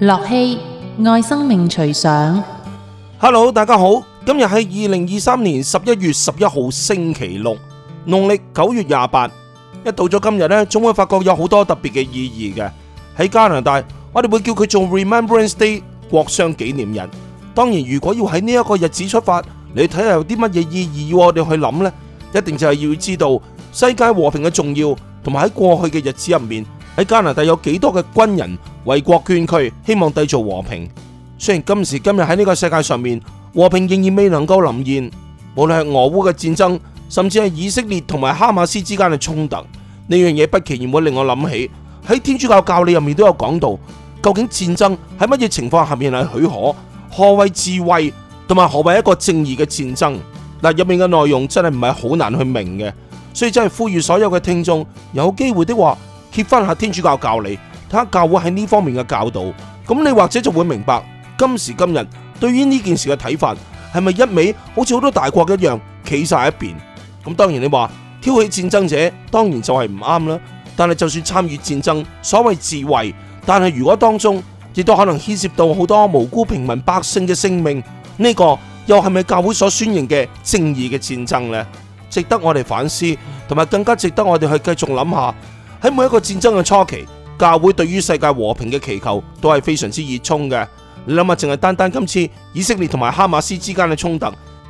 駱曦愛生命隨想，Hello，大家好，今日係二零二三年十一月十一號星期六，農曆九月廿八。一到咗今日呢，總會發覺有好多特別嘅意義嘅。喺加拿大，我哋會叫佢做 Remembrance Day，國殤紀念日。當然，如果要喺呢一個日子出發，你睇下有啲乜嘢意義，要我哋去諗呢，一定就係要知道世界和平嘅重要，同埋喺過去嘅日子入面。喺加拿大有幾多嘅軍人為國捐軀，希望締造和平。雖然今時今日喺呢個世界上面，和平仍然未能夠臨現，無論係俄烏嘅戰爭，甚至係以色列同埋哈馬斯之間嘅衝突，呢樣嘢不期然會令我諗起喺天主教教理入面都有講到，究竟戰爭喺乜嘢情況下面係許可，何謂智慧，同埋何謂一個正義嘅戰爭？嗱，入面嘅內容真係唔係好難去明嘅，所以真係呼籲所有嘅聽眾，有機會的話。貼翻下天主教教理，睇下教會喺呢方面嘅教導。咁你或者就會明白今時今日對於呢件事嘅睇法係咪一味好似好多大國一樣企晒一邊咁？當然你話挑起戰爭者當然就係唔啱啦。但係就算參與戰爭，所謂自衛，但係如果當中亦都可能牽涉到好多無辜平民百姓嘅性命，呢、這個又係咪教會所宣揚嘅正義嘅戰爭呢？值得我哋反思，同埋更加值得我哋去繼續諗下。喺每一個戰爭嘅初期，教會對於世界和平嘅祈求都係非常之熱衷嘅。你諗下，淨係單單今次以色列同埋哈馬斯之間嘅衝突，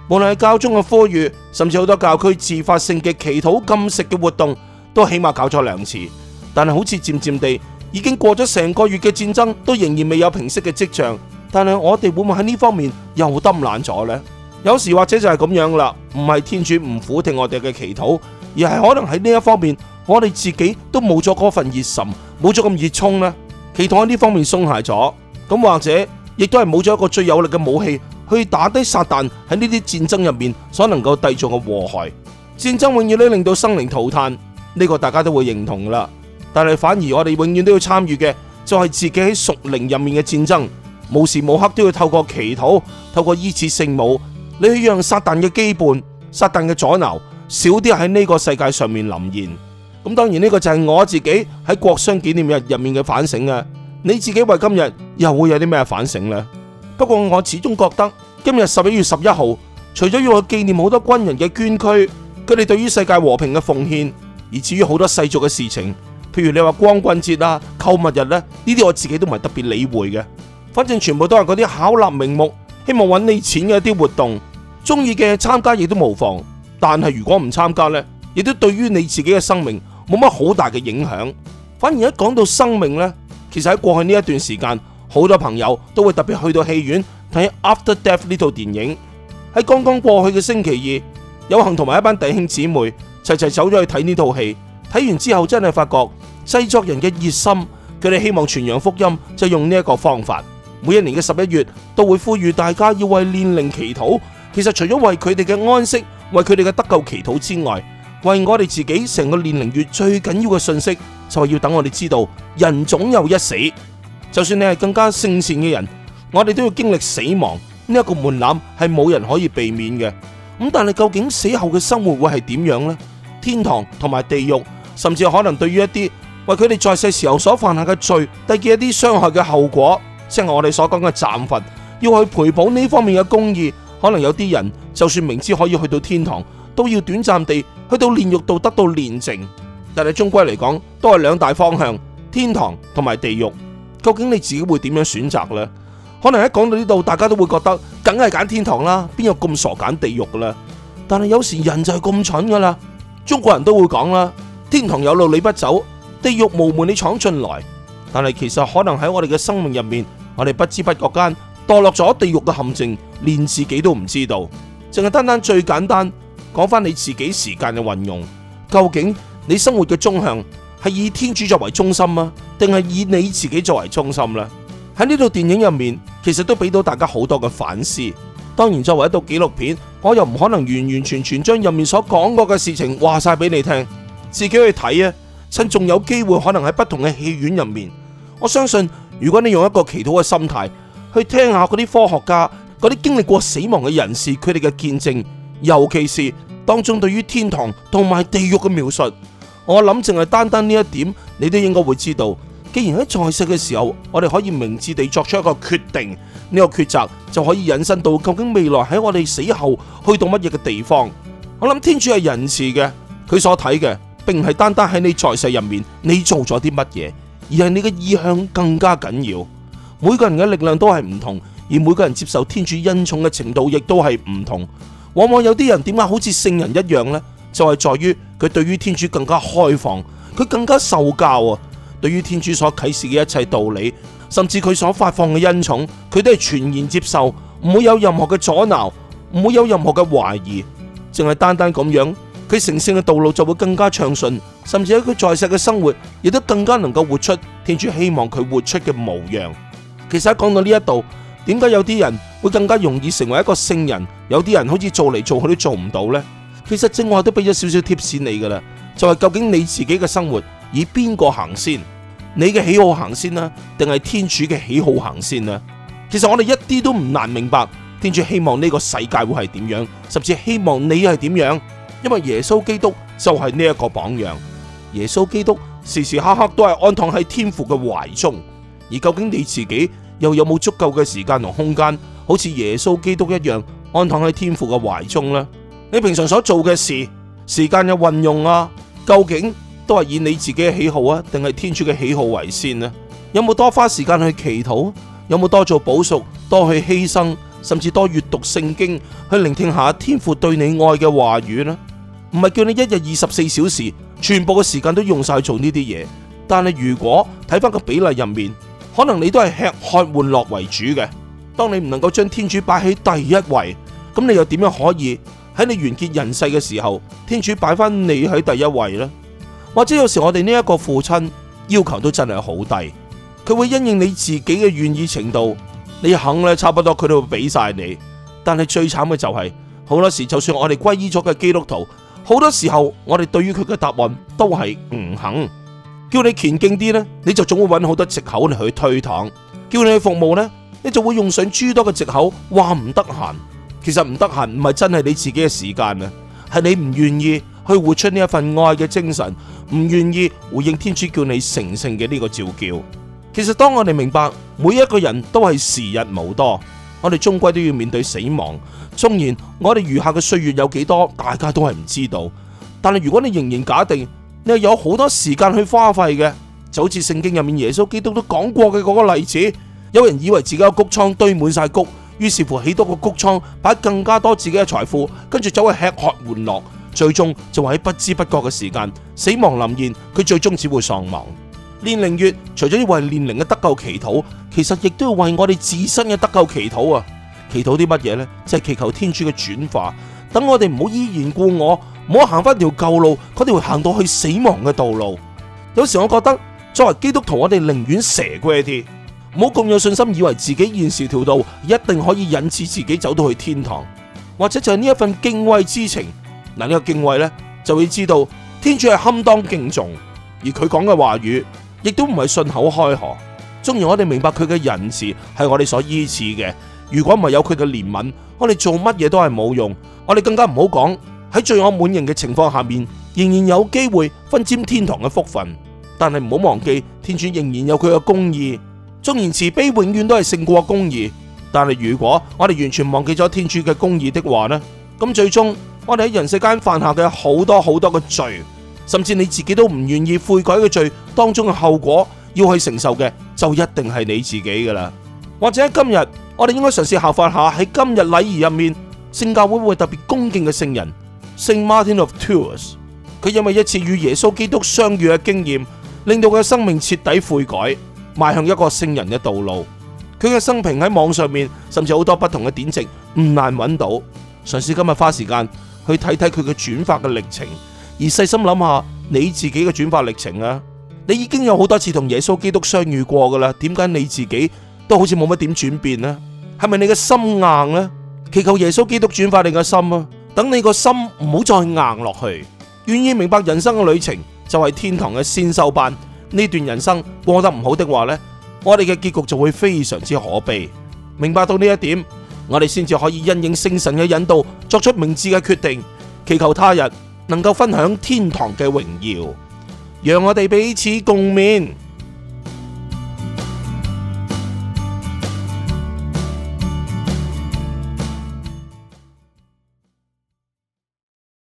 無論係教宗嘅呼籲，甚至好多教區自發性嘅祈禱禁食嘅活動，都起碼搞咗兩次。但係好似漸漸地，已經過咗成個月嘅戰爭，都仍然未有平息嘅跡象。但係我哋會唔會喺呢方面又得懶咗呢？有時或者就係咁樣啦，唔係天主唔俯聽我哋嘅祈禱，而係可能喺呢一方面。我哋自己都冇咗嗰份熱忱，冇咗咁熱衷咧。祈禱喺呢方面鬆懈咗，咁或者亦都係冇咗一個最有力嘅武器去打低撒旦喺呢啲戰爭入面所能夠締造嘅禍害。戰爭永遠都令到生靈塗炭，呢個大家都會認同噶啦。但係反而我哋永遠都要參與嘅就係自己喺屬靈入面嘅戰爭，無時無刻都要透過祈禱，透過依次聖母，你去讓撒旦嘅羈絆、撒旦嘅阻撓少啲喺呢個世界上面臨現。咁當然呢個就係我自己喺國殤紀念日入面嘅反省啊！你自己為今日又會有啲咩反省呢？不過我始終覺得今日十一月十一號，除咗要去紀念好多軍人嘅捐軀，佢哋對於世界和平嘅奉獻，而至於好多世俗嘅事情，譬如你話光棍節啊、購物日呢，呢啲我自己都唔係特別理會嘅。反正全部都係嗰啲巧立名目，希望揾你錢嘅一啲活動，中意嘅參加亦都無妨。但係如果唔參加呢，亦都對於你自己嘅生命。冇乜好大嘅影響，反而一講到生命呢，其實喺過去呢一段時間，好多朋友都會特別去到戲院睇《After Death》呢套電影。喺剛剛過去嘅星期二，有幸同埋一班弟兄姊妹齊齊走咗去睇呢套戲。睇完之後真係發覺製作人嘅熱心，佢哋希望傳揚福音就用呢一個方法。每一年嘅十一月都會呼籲大家要為煉靈祈禱。其實除咗為佢哋嘅安息、為佢哋嘅得救祈禱之外，為我哋自己成個煉靈月最緊要嘅信息就係、是、要等我哋知道人總有一死，就算你係更加聖善嘅人，我哋都要經歷死亡呢一、這個門檻係冇人可以避免嘅。咁但係究竟死後嘅生活會係點樣呢？天堂同埋地獄，甚至可能對於一啲為佢哋在世時候所犯下嘅罪，帶嚟一啲傷害嘅後果，即、就、係、是、我哋所講嘅暫罰，要去賠補呢方面嘅公義。可能有啲人就算明知可以去到天堂，都要短暫地。去到煉獄度得到煉淨，但係終歸嚟講都係兩大方向，天堂同埋地獄。究竟你自己會點樣選擇呢？可能一講到呢度，大家都會覺得梗係揀天堂啦，邊有咁傻揀地獄噶咧？但係有時人就係咁蠢噶啦，中國人都會講啦：天堂有路你不走，地獄無門你闖進來。但係其實可能喺我哋嘅生命入面，我哋不知不覺間墮落咗地獄嘅陷阱，連自己都唔知道，淨係單單最簡單。講翻你自己時間嘅運用，究竟你生活嘅中向係以天主作為中心啊，定係以你自己作為中心呢？喺呢套電影入面，其實都俾到大家好多嘅反思。當然，作為一套紀錄片，我又唔可能完完全全將入面所講過嘅事情話晒俾你聽，自己去睇啊。趁仲有機會，可能喺不同嘅戲院入面，我相信，如果你用一個祈禱嘅心態去聽下嗰啲科學家、嗰啲經歷過死亡嘅人士佢哋嘅見證，尤其是，當中對於天堂同埋地獄嘅描述，我諗淨係單單呢一點，你都應該會知道。既然喺在世嘅時候，我哋可以明智地作出一個決定，呢個抉擇就可以引申到究竟未來喺我哋死後去到乜嘢嘅地方。我諗天主係仁慈嘅，佢所睇嘅並唔係單單喺你在世入面你做咗啲乜嘢，而係你嘅意向更加緊要。每個人嘅力量都係唔同，而每個人接受天主恩寵嘅程度亦都係唔同。往往有啲人點解好似聖人一樣呢？就係在於佢對於天主更加開放，佢更加受教啊！對於天主所啟示嘅一切道理，甚至佢所發放嘅恩寵，佢都係全然接受，唔會有任何嘅阻撓，唔會有任何嘅懷疑，淨係單單咁樣，佢成聖嘅道路就會更加暢順，甚至喺佢在世嘅生活，亦都更加能夠活出天主希望佢活出嘅模樣。其實講到呢一度。點解有啲人會更加容易成為一個聖人？有啲人好似做嚟做去都做唔到呢？其實正話都俾咗少少貼士你噶啦，就係究竟你自己嘅生活以邊個行先？你嘅喜好行先啦，定係天主嘅喜好行先呢？其實我哋一啲都唔難明白，天主希望呢個世界會係點樣，甚至希望你係點樣。因為耶穌基督就係呢一個榜樣。耶穌基督時時刻刻都係安躺喺天父嘅懷中，而究竟你自己？又有冇足夠嘅時間同空間，好似耶穌基督一樣安躺喺天父嘅懷中呢？你平常所做嘅事、時間嘅運用啊，究竟都係以你自己嘅喜好啊，定係天主嘅喜好為先呢啊？有冇多花時間去祈禱？有冇多做補贖、多去犧牲，甚至多閱讀聖經，去聆聽一下天父對你愛嘅話語呢？唔係叫你一日二十四小時，全部嘅時間都用晒做呢啲嘢，但係如果睇翻個比例入面。可能你都係吃喝玩樂為主嘅，當你唔能夠將天主擺喺第一位，咁你又點樣可以喺你完結人世嘅時候，天主擺翻你喺第一位呢？或者有時我哋呢一個父親要求都真係好低，佢會因應你自己嘅願意程度，你肯咧，差不多佢都會俾晒你。但係最慘嘅就係，好多時就算我哋皈依咗嘅基督徒，好多時候我哋對於佢嘅答案都係唔肯。叫你虔敬啲呢，你就總會揾好多借口嚟去推搪；叫你去服務呢，你就會用上諸多嘅借口話唔得閒。其實唔得閒唔係真係你自己嘅時間啊，係你唔願意去活出呢一份愛嘅精神，唔願意回應天主叫你成聖嘅呢個召叫。其實當我哋明白每一個人都係時日無多，我哋終歸都要面對死亡。縱然我哋餘下嘅歲月有幾多，大家都係唔知道。但係如果你仍然假定，又有好多時間去花費嘅，就好似聖經入面耶穌基督都講過嘅嗰個例子，有人以為自己嘅穀倉堆滿晒穀，於是乎起多個穀倉，擺更加多自己嘅財富，跟住走去吃喝玩樂，最終就喺不知不覺嘅時間，死亡臨現，佢最終只會喪亡。煉靈月除咗要為煉靈嘅得救祈禱，其實亦都要為我哋自身嘅得救祈禱啊！祈禱啲乜嘢呢？就係、是、祈求天主嘅轉化，等我哋唔好依然故我。唔好行翻一條舊路，佢哋會行到去死亡嘅道路。有時我覺得作為基督徒，我哋寧願蛇過一啲，唔好咁有信心，以為自己現時條道一定可以引致自己走到去天堂。或者就係呢一份敬畏之情嗱，呢、呢個敬畏呢，就會知道天主係堪當敬重，而佢講嘅話語亦都唔係信口開河。縱然我哋明白佢嘅仁慈係我哋所依恃嘅，如果唔係有佢嘅憐憫，我哋做乜嘢都係冇用。我哋更加唔好講。喺罪惡滿盈嘅情況下面，仍然有機會分佔天堂嘅福分。但係唔好忘記，天主仍然有佢嘅公義。縱然慈悲永遠都係勝過公義，但係如果我哋完全忘記咗天主嘅公義的話呢，咁最終我哋喺人世間犯下嘅好多好多嘅罪，甚至你自己都唔願意悔改嘅罪當中嘅後果，要去承受嘅就一定係你自己噶啦。或者今日我哋應該嘗試效法下喺今日禮儀入面聖教會唔會特別恭敬嘅聖人。聖 Martin of Tours，佢因為一次與耶穌基督相遇嘅經驗，令到佢嘅生命徹底悔改，邁向一個聖人嘅道路。佢嘅生平喺網上面，甚至好多不同嘅典籍唔難揾到。嘗試今日花時間去睇睇佢嘅轉發嘅歷程，而細心諗下你自己嘅轉發歷程啊，你已經有好多次同耶穌基督相遇過噶啦，點解你自己都好似冇乜點轉變呢？係咪你嘅心硬呢？祈求耶穌基督轉發你嘅心啊！等你個心唔好再硬落去，願意明白人生嘅旅程就係天堂嘅先修班。呢段人生過得唔好的話呢，我哋嘅結局就會非常之可悲。明白到呢一點，我哋先至可以因應聖神嘅引導，作出明智嘅決定，祈求他日能夠分享天堂嘅榮耀，讓我哋彼此共勉。